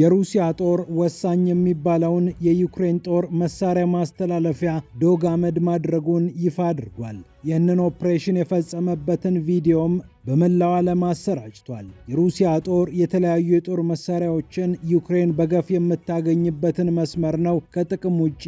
የሩሲያ ጦር ወሳኝ የሚባለውን የዩክሬን ጦር መሳሪያ ማስተላለፊያ ዶግ አመድ ማድረጉን ይፋ አድርጓል። ይህንን ኦፕሬሽን የፈጸመበትን ቪዲዮም በመላው ዓለም አሰራጭቷል። የሩሲያ ጦር የተለያዩ የጦር መሳሪያዎችን ዩክሬን በገፍ የምታገኝበትን መስመር ነው ከጥቅም ውጪ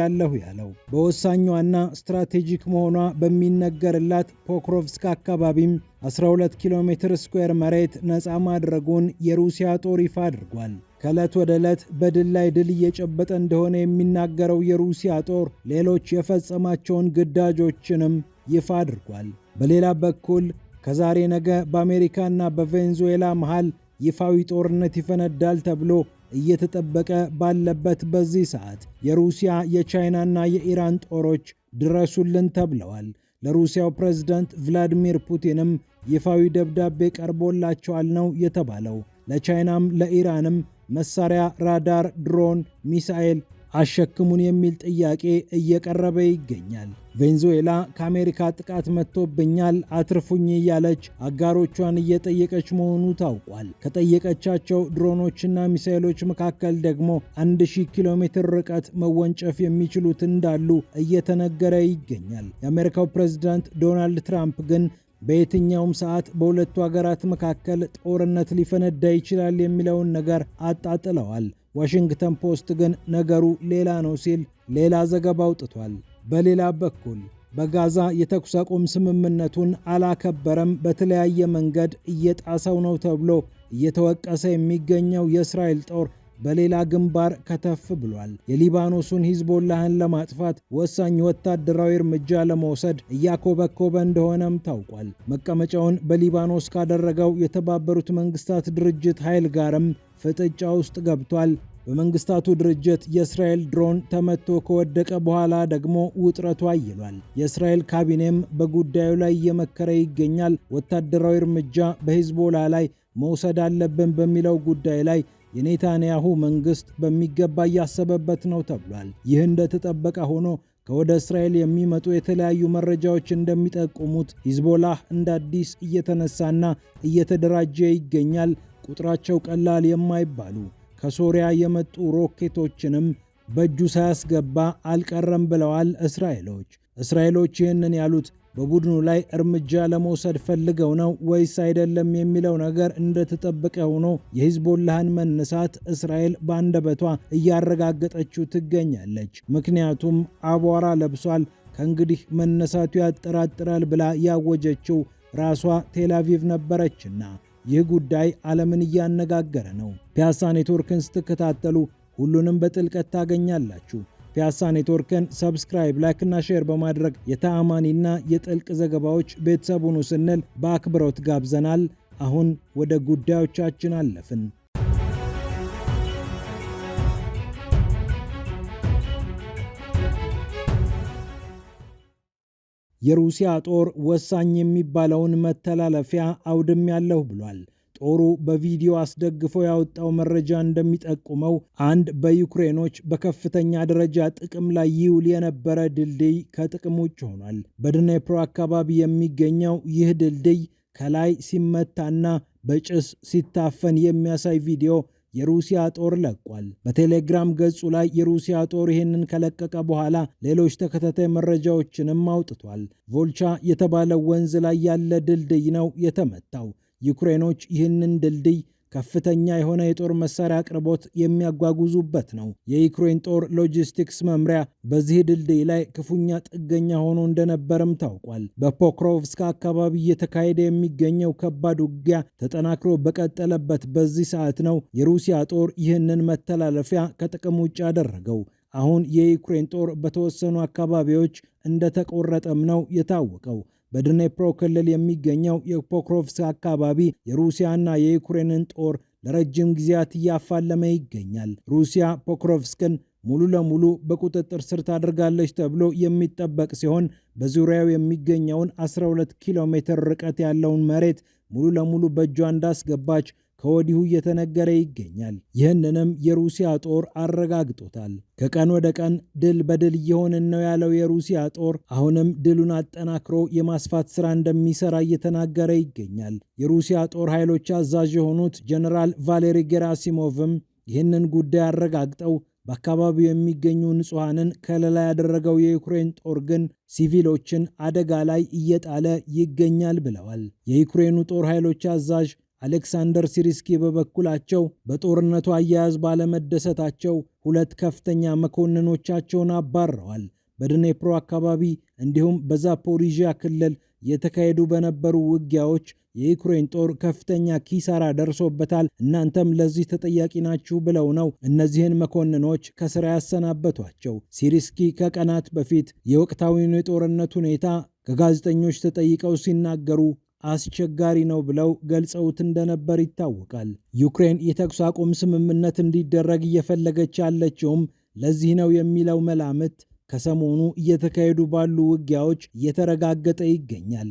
ያለሁ ያለው። በወሳኟና ስትራቴጂክ መሆኗ በሚነገርላት ፖክሮቭስክ አካባቢም 12 ኪሎ ሜትር ስኩዌር መሬት ነፃ ማድረጉን የሩሲያ ጦር ይፋ አድርጓል። ከዕለት ወደ ዕለት በድል ላይ ድል እየጨበጠ እንደሆነ የሚናገረው የሩሲያ ጦር ሌሎች የፈጸማቸውን ግዳጆችንም ይፋ አድርጓል። በሌላ በኩል ከዛሬ ነገ በአሜሪካና በቬንዙዌላ መሃል ይፋዊ ጦርነት ይፈነዳል ተብሎ እየተጠበቀ ባለበት በዚህ ሰዓት የሩሲያ የቻይናና የኢራን ጦሮች ድረሱልን ተብለዋል። ለሩሲያው ፕሬዝዳንት ቭላዲሚር ፑቲንም ይፋዊ ደብዳቤ ቀርቦላቸዋል ነው የተባለው። ለቻይናም ለኢራንም መሳሪያ፣ ራዳር፣ ድሮን፣ ሚሳኤል አሸክሙን የሚል ጥያቄ እየቀረበ ይገኛል። ቬንዙዌላ ከአሜሪካ ጥቃት መጥቶብኛል አትርፉኝ እያለች አጋሮቿን እየጠየቀች መሆኑ ታውቋል። ከጠየቀቻቸው ድሮኖችና ሚሳይሎች መካከል ደግሞ 1000 ኪሎ ሜትር ርቀት መወንጨፍ የሚችሉት እንዳሉ እየተነገረ ይገኛል። የአሜሪካው ፕሬዝዳንት ዶናልድ ትራምፕ ግን በየትኛውም ሰዓት በሁለቱ ሀገራት መካከል ጦርነት ሊፈነዳ ይችላል የሚለውን ነገር አጣጥለዋል። ዋሽንግተን ፖስት ግን ነገሩ ሌላ ነው ሲል ሌላ ዘገባ አውጥቷል። በሌላ በኩል በጋዛ የተኩስ አቁም ስምምነቱን አላከበረም፣ በተለያየ መንገድ እየጣሰው ነው ተብሎ እየተወቀሰ የሚገኘው የእስራኤል ጦር በሌላ ግንባር ከተፍ ብሏል። የሊባኖሱን ሂዝቦላህን ለማጥፋት ወሳኝ ወታደራዊ እርምጃ ለመውሰድ እያኮበኮበ እንደሆነም ታውቋል። መቀመጫውን በሊባኖስ ካደረገው የተባበሩት መንግስታት ድርጅት ኃይል ጋርም ፍጥጫ ውስጥ ገብቷል። በመንግስታቱ ድርጅት የእስራኤል ድሮን ተመቶ ከወደቀ በኋላ ደግሞ ውጥረቱ አይሏል። የእስራኤል ካቢኔም በጉዳዩ ላይ እየመከረ ይገኛል። ወታደራዊ እርምጃ በሂዝቦላ ላይ መውሰድ አለብን በሚለው ጉዳይ ላይ የኔታንያሁ መንግሥት በሚገባ እያሰበበት ነው ተብሏል። ይህ እንደተጠበቀ ሆኖ ከወደ እስራኤል የሚመጡ የተለያዩ መረጃዎች እንደሚጠቁሙት ሂዝቦላህ እንደ አዲስ እየተነሳና እየተደራጀ ይገኛል። ቁጥራቸው ቀላል የማይባሉ ከሶሪያ የመጡ ሮኬቶችንም በእጁ ሳያስገባ አልቀረም ብለዋል እስራኤሎች። እስራኤሎች ይህንን ያሉት በቡድኑ ላይ እርምጃ ለመውሰድ ፈልገው ነው ወይስ አይደለም የሚለው ነገር እንደተጠበቀ ሆኖ የሂዝቦላህን መነሳት እስራኤል በአንደበቷ እያረጋገጠችው ትገኛለች። ምክንያቱም አቧራ ለብሷል፣ ከእንግዲህ መነሳቱ ያጠራጥራል ብላ ያወጀችው ራሷ ቴላቪቭ ነበረችና ይህ ጉዳይ ዓለምን እያነጋገረ ነው። ፒያሳ ኔትወርክን ስትከታተሉ ሁሉንም በጥልቀት ታገኛላችሁ። ፒያሳ ኔትወርክን ሰብስክራይብ፣ ላይክና ሼር በማድረግ የተአማኒና የጥልቅ ዘገባዎች ቤተሰቡን ስንል በአክብሮት ጋብዘናል። አሁን ወደ ጉዳዮቻችን አለፍን። የሩሲያ ጦር ወሳኝ የሚባለውን መተላለፊያ አውድም ያለሁ ብሏል። ጦሩ በቪዲዮ አስደግፎ ያወጣው መረጃ እንደሚጠቁመው አንድ በዩክሬኖች በከፍተኛ ደረጃ ጥቅም ላይ ይውል የነበረ ድልድይ ከጥቅም ውጭ ሆኗል። በድኔፕሮ አካባቢ የሚገኘው ይህ ድልድይ ከላይ ሲመታና በጭስ ሲታፈን የሚያሳይ ቪዲዮ የሩሲያ ጦር ለቋል። በቴሌግራም ገጹ ላይ የሩሲያ ጦር ይህንን ከለቀቀ በኋላ ሌሎች ተከታታይ መረጃዎችንም አውጥቷል። ቮልቻ የተባለው ወንዝ ላይ ያለ ድልድይ ነው የተመታው። ዩክሬኖች ይህንን ድልድይ ከፍተኛ የሆነ የጦር መሳሪያ አቅርቦት የሚያጓጉዙበት ነው። የዩክሬን ጦር ሎጂስቲክስ መምሪያ በዚህ ድልድይ ላይ ክፉኛ ጥገኛ ሆኖ እንደነበርም ታውቋል። በፖክሮቭስክ አካባቢ እየተካሄደ የሚገኘው ከባድ ውጊያ ተጠናክሮ በቀጠለበት በዚህ ሰዓት ነው የሩሲያ ጦር ይህንን መተላለፊያ ከጥቅም ውጭ አደረገው። አሁን የዩክሬን ጦር በተወሰኑ አካባቢዎች እንደተቆረጠም ነው የታወቀው። በድኔፕሮ ክልል የሚገኘው የፖክሮቭስክ አካባቢ የሩሲያና የዩክሬንን ጦር ለረጅም ጊዜያት እያፋለመ ይገኛል። ሩሲያ ፖክሮቭስክን ሙሉ ለሙሉ በቁጥጥር ስር ታደርጋለች ተብሎ የሚጠበቅ ሲሆን በዙሪያው የሚገኘውን 12 ኪሎ ሜትር ርቀት ያለውን መሬት ሙሉ ለሙሉ በእጇ እንዳስገባች ከወዲሁ እየተነገረ ይገኛል። ይህንንም የሩሲያ ጦር አረጋግጦታል። ከቀን ወደ ቀን ድል በድል እየሆንን ነው ያለው የሩሲያ ጦር አሁንም ድሉን አጠናክሮ የማስፋት ስራ እንደሚሰራ እየተናገረ ይገኛል። የሩሲያ ጦር ኃይሎች አዛዥ የሆኑት ጀነራል ቫሌሪ ጌራሲሞቭም ይህንን ጉዳይ አረጋግጠው በአካባቢው የሚገኙ ንጹሐንን ከለላ ያደረገው የዩክሬን ጦር ግን ሲቪሎችን አደጋ ላይ እየጣለ ይገኛል ብለዋል። የዩክሬኑ ጦር ኃይሎች አዛዥ አሌክሳንደር ሲሪስኪ በበኩላቸው በጦርነቱ አያያዝ ባለመደሰታቸው ሁለት ከፍተኛ መኮንኖቻቸውን አባረዋል። በድኔፕሮ አካባቢ እንዲሁም በዛፖሪዣ ክልል የተካሄዱ በነበሩ ውጊያዎች የዩክሬን ጦር ከፍተኛ ኪሳራ ደርሶበታል፣ እናንተም ለዚህ ተጠያቂ ናችሁ ብለው ነው እነዚህን መኮንኖች ከስራ ያሰናበቷቸው። ሲሪስኪ ከቀናት በፊት የወቅታዊውን የጦርነት ሁኔታ ከጋዜጠኞች ተጠይቀው ሲናገሩ አስቸጋሪ ነው ብለው ገልጸውት እንደነበር ይታወቃል። ዩክሬን የተኩስ አቁም ስምምነት እንዲደረግ እየፈለገች ያለችውም ለዚህ ነው የሚለው መላምት ከሰሞኑ እየተካሄዱ ባሉ ውጊያዎች እየተረጋገጠ ይገኛል።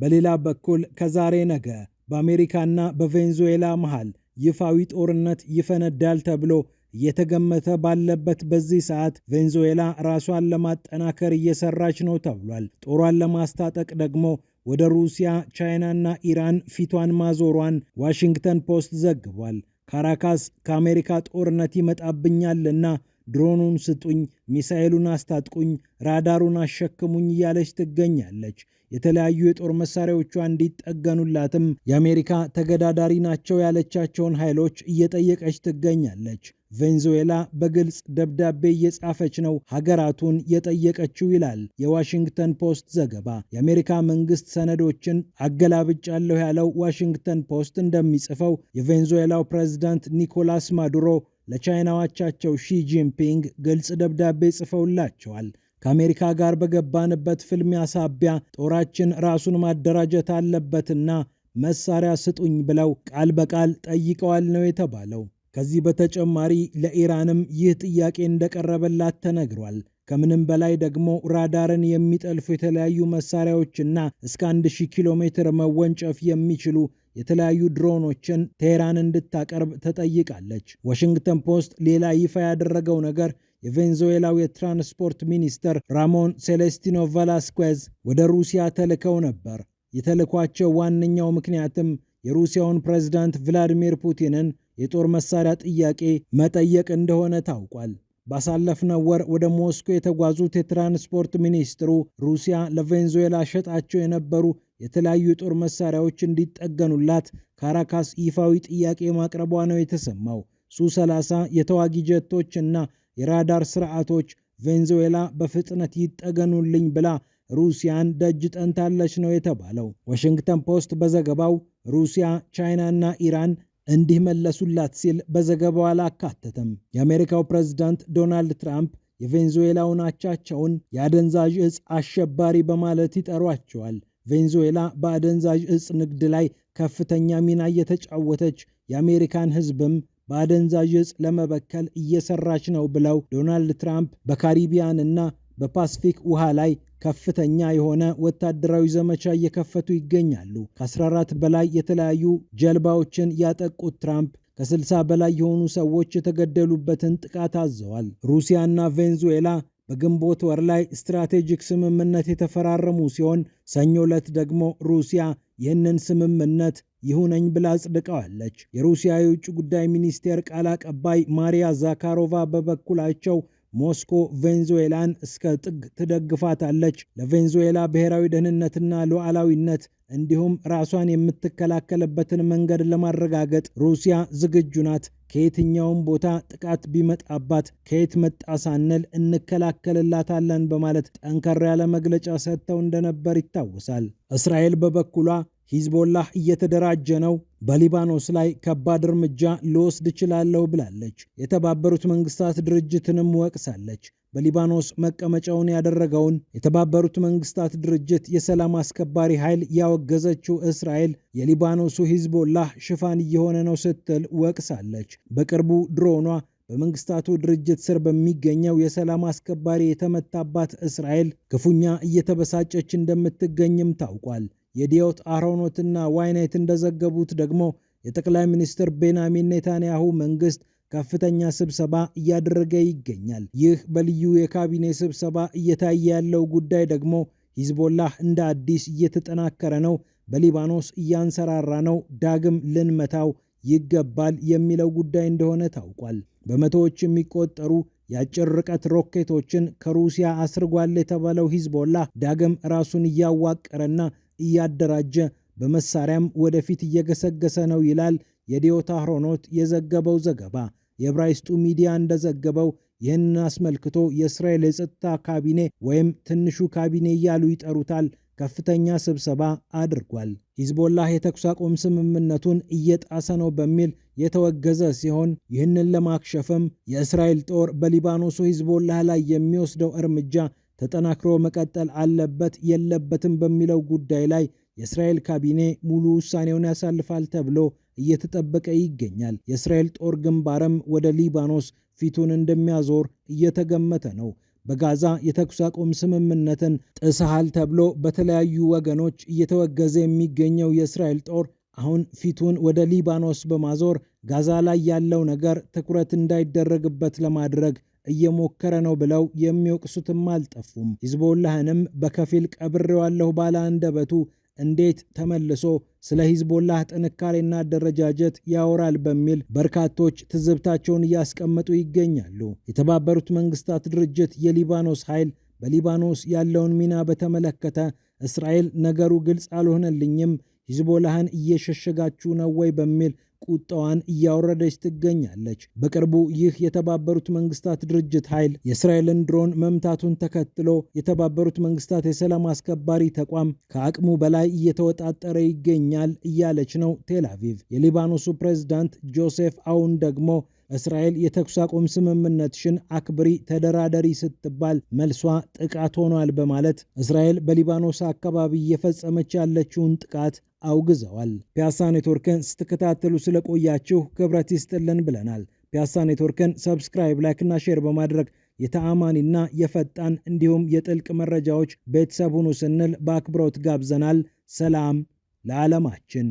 በሌላ በኩል ከዛሬ ነገ በአሜሪካና በቬንዙዌላ መሃል ይፋዊ ጦርነት ይፈነዳል ተብሎ እየተገመተ ባለበት በዚህ ሰዓት ቬንዙዌላ ራሷን ለማጠናከር እየሰራች ነው ተብሏል። ጦሯን ለማስታጠቅ ደግሞ ወደ ሩሲያ፣ ቻይናና ኢራን ፊቷን ማዞሯን ዋሽንግተን ፖስት ዘግቧል። ካራካስ ከአሜሪካ ጦርነት ይመጣብኛልና ድሮኑን ስጡኝ፣ ሚሳኤሉን አስታጥቁኝ፣ ራዳሩን አሸክሙኝ እያለች ትገኛለች። የተለያዩ የጦር መሳሪያዎቿ እንዲጠገኑላትም የአሜሪካ ተገዳዳሪ ናቸው ያለቻቸውን ኃይሎች እየጠየቀች ትገኛለች። ቬንዙዌላ በግልጽ ደብዳቤ እየጻፈች ነው ሀገራቱን የጠየቀችው ይላል የዋሽንግተን ፖስት ዘገባ። የአሜሪካ መንግስት ሰነዶችን አገላብጫለሁ ያለው ዋሽንግተን ፖስት እንደሚጽፈው የቬንዙዌላው ፕሬዝዳንት ኒኮላስ ማዱሮ ለቻይናው አቻቸው ሺ ጂንፒንግ ግልጽ ደብዳቤ ጽፈውላቸዋል። ከአሜሪካ ጋር በገባንበት ፍልሚያ ሳቢያ ጦራችን ራሱን ማደራጀት አለበትና መሳሪያ ስጡኝ ብለው ቃል በቃል ጠይቀዋል ነው የተባለው። ከዚህ በተጨማሪ ለኢራንም ይህ ጥያቄ እንደቀረበላት ተነግሯል። ከምንም በላይ ደግሞ ራዳርን የሚጠልፉ የተለያዩ መሳሪያዎችና እስከ 1000 ኪሎ ሜትር መወንጨፍ የሚችሉ የተለያዩ ድሮኖችን ቴህራን እንድታቀርብ ተጠይቃለች። ዋሽንግተን ፖስት ሌላ ይፋ ያደረገው ነገር የቬንዙዌላው የትራንስፖርት ሚኒስትር ራሞን ሴሌስቲኖ ቫላስኩዝ ወደ ሩሲያ ተልከው ነበር። የተልኳቸው ዋነኛው ምክንያትም የሩሲያውን ፕሬዝዳንት ቭላዲሚር ፑቲንን የጦር መሳሪያ ጥያቄ መጠየቅ እንደሆነ ታውቋል። ባሳለፍነው ወር ወደ ሞስኮ የተጓዙት የትራንስፖርት ሚኒስትሩ ሩሲያ ለቬንዙዌላ ሸጣቸው የነበሩ የተለያዩ የጦር መሳሪያዎች እንዲጠገኑላት ካራካስ ይፋዊ ጥያቄ ማቅረቧ ነው የተሰማው። ሱ30 የተዋጊ ጀቶች እና የራዳር ስርዓቶች ቬንዙዌላ በፍጥነት ይጠገኑልኝ ብላ ሩሲያን ደጅ ጠንታለች ነው የተባለው። ዋሽንግተን ፖስት በዘገባው ሩሲያ፣ ቻይና እና ኢራን እንዲህ መለሱላት ሲል በዘገባው አላካተተም። የአሜሪካው ፕሬዝዳንት ዶናልድ ትራምፕ የቬንዙዌላውን አቻቸውን የአደንዛዥ እጽ አሸባሪ በማለት ይጠሯቸዋል። ቬንዙዌላ በአደንዛዥ እጽ ንግድ ላይ ከፍተኛ ሚና እየተጫወተች የአሜሪካን ሕዝብም በአደንዛዥ እጽ ለመበከል እየሰራች ነው ብለው ዶናልድ ትራምፕ በካሪቢያን እና በፓስፊክ ውሃ ላይ ከፍተኛ የሆነ ወታደራዊ ዘመቻ እየከፈቱ ይገኛሉ። ከ14 በላይ የተለያዩ ጀልባዎችን ያጠቁት ትራምፕ ከ60 በላይ የሆኑ ሰዎች የተገደሉበትን ጥቃት አዘዋል። ሩሲያና ቬንዙዌላ በግንቦት ወር ላይ ስትራቴጂክ ስምምነት የተፈራረሙ ሲሆን ሰኞ ዕለት ደግሞ ሩሲያ ይህንን ስምምነት ይሁነኝ ብላ አጽድቀዋለች። የሩሲያ የውጭ ጉዳይ ሚኒስቴር ቃል አቀባይ ማሪያ ዛካሮቫ በበኩላቸው ሞስኮ ቬንዙዌላን እስከ ጥግ ትደግፋታለች። ለቬንዙዌላ ብሔራዊ ደህንነትና ሉዓላዊነት እንዲሁም ራሷን የምትከላከልበትን መንገድ ለማረጋገጥ ሩሲያ ዝግጁ ናት። ከየትኛውም ቦታ ጥቃት ቢመጣባት ከየት መጣ ሳንል እንከላከልላታለን በማለት ጠንከር ያለ መግለጫ ሰጥተው እንደነበር ይታወሳል። እስራኤል በበኩሏ ሂዝቦላህ እየተደራጀ ነው፣ በሊባኖስ ላይ ከባድ እርምጃ ልወስድ እችላለሁ ብላለች። የተባበሩት መንግስታት ድርጅትንም ወቅሳለች። በሊባኖስ መቀመጫውን ያደረገውን የተባበሩት መንግስታት ድርጅት የሰላም አስከባሪ ኃይል ያወገዘችው እስራኤል የሊባኖሱ ሂዝቦላህ ሽፋን እየሆነ ነው ስትል ወቅሳለች። በቅርቡ ድሮኗ በመንግስታቱ ድርጅት ስር በሚገኘው የሰላም አስከባሪ የተመታባት እስራኤል ክፉኛ እየተበሳጨች እንደምትገኝም ታውቋል። የዲዮት አሮኖትና ዋይኔት እንደዘገቡት ደግሞ የጠቅላይ ሚኒስትር ቤንያሚን ኔታንያሁ መንግስት ከፍተኛ ስብሰባ እያደረገ ይገኛል። ይህ በልዩ የካቢኔ ስብሰባ እየታየ ያለው ጉዳይ ደግሞ ሂዝቦላህ እንደ አዲስ እየተጠናከረ ነው፣ በሊባኖስ እያንሰራራ ነው፣ ዳግም ልንመታው ይገባል የሚለው ጉዳይ እንደሆነ ታውቋል። በመቶዎች የሚቆጠሩ የአጭር ርቀት ሮኬቶችን ከሩሲያ አስርጓል የተባለው ሂዝቦላህ ዳግም ራሱን እያዋቀረና እያደራጀ በመሳሪያም ወደፊት እየገሰገሰ ነው ይላል የዲዮታ ሆሮኖት የዘገበው ዘገባ። የብራይስጡ ሚዲያ እንደዘገበው ይህንን አስመልክቶ የእስራኤል የጸጥታ ካቢኔ ወይም ትንሹ ካቢኔ እያሉ ይጠሩታል ከፍተኛ ስብሰባ አድርጓል። ሂዝቦላህ የተኩስ አቁም ስምምነቱን እየጣሰ ነው በሚል የተወገዘ ሲሆን ይህንን ለማክሸፍም የእስራኤል ጦር በሊባኖሱ ሂዝቦላህ ላይ የሚወስደው እርምጃ ተጠናክሮ መቀጠል አለበት የለበትም በሚለው ጉዳይ ላይ የእስራኤል ካቢኔ ሙሉ ውሳኔውን ያሳልፋል ተብሎ እየተጠበቀ ይገኛል። የእስራኤል ጦር ግንባርም ወደ ሊባኖስ ፊቱን እንደሚያዞር እየተገመተ ነው። በጋዛ የተኩስ አቁም ስምምነትን ጥሰሃል ተብሎ በተለያዩ ወገኖች እየተወገዘ የሚገኘው የእስራኤል ጦር አሁን ፊቱን ወደ ሊባኖስ በማዞር ጋዛ ላይ ያለው ነገር ትኩረት እንዳይደረግበት ለማድረግ እየሞከረ ነው ብለው የሚወቅሱትም አልጠፉም። ሂዝቦላህንም በከፊል ቀብሬዋለሁ ባለ አንደበቱ እንዴት ተመልሶ ስለ ሂዝቦላህ ጥንካሬና አደረጃጀት ያወራል በሚል በርካቶች ትዝብታቸውን እያስቀመጡ ይገኛሉ። የተባበሩት መንግስታት ድርጅት የሊባኖስ ኃይል በሊባኖስ ያለውን ሚና በተመለከተ እስራኤል ነገሩ ግልጽ አልሆነልኝም፣ ሂዝቦላህን እየሸሸጋችሁ ነው ወይ በሚል ቁጣዋን እያወረደች ትገኛለች። በቅርቡ ይህ የተባበሩት መንግስታት ድርጅት ኃይል የእስራኤልን ድሮን መምታቱን ተከትሎ የተባበሩት መንግስታት የሰላም አስከባሪ ተቋም ከአቅሙ በላይ እየተወጣጠረ ይገኛል እያለች ነው ቴል አቪቭ። የሊባኖሱ ፕሬዝዳንት ጆሴፍ አውን ደግሞ እስራኤል የተኩስ አቁም ስምምነትሽን አክብሪ ተደራደሪ ስትባል መልሷ ጥቃት ሆኗል በማለት እስራኤል በሊባኖስ አካባቢ እየፈጸመች ያለችውን ጥቃት አውግዘዋል። ፒያሳ ኔትወርክን ስትከታተሉ ስለቆያችሁ ክብረት ይስጥልን ብለናል። ፒያሳ ኔትወርክን ሰብስክራይብ፣ ላይክና ሼር በማድረግ የተአማኒና የፈጣን እንዲሁም የጥልቅ መረጃዎች ቤተሰብ ሁኑ ስንል በአክብሮት ጋብዘናል። ሰላም ለዓለማችን።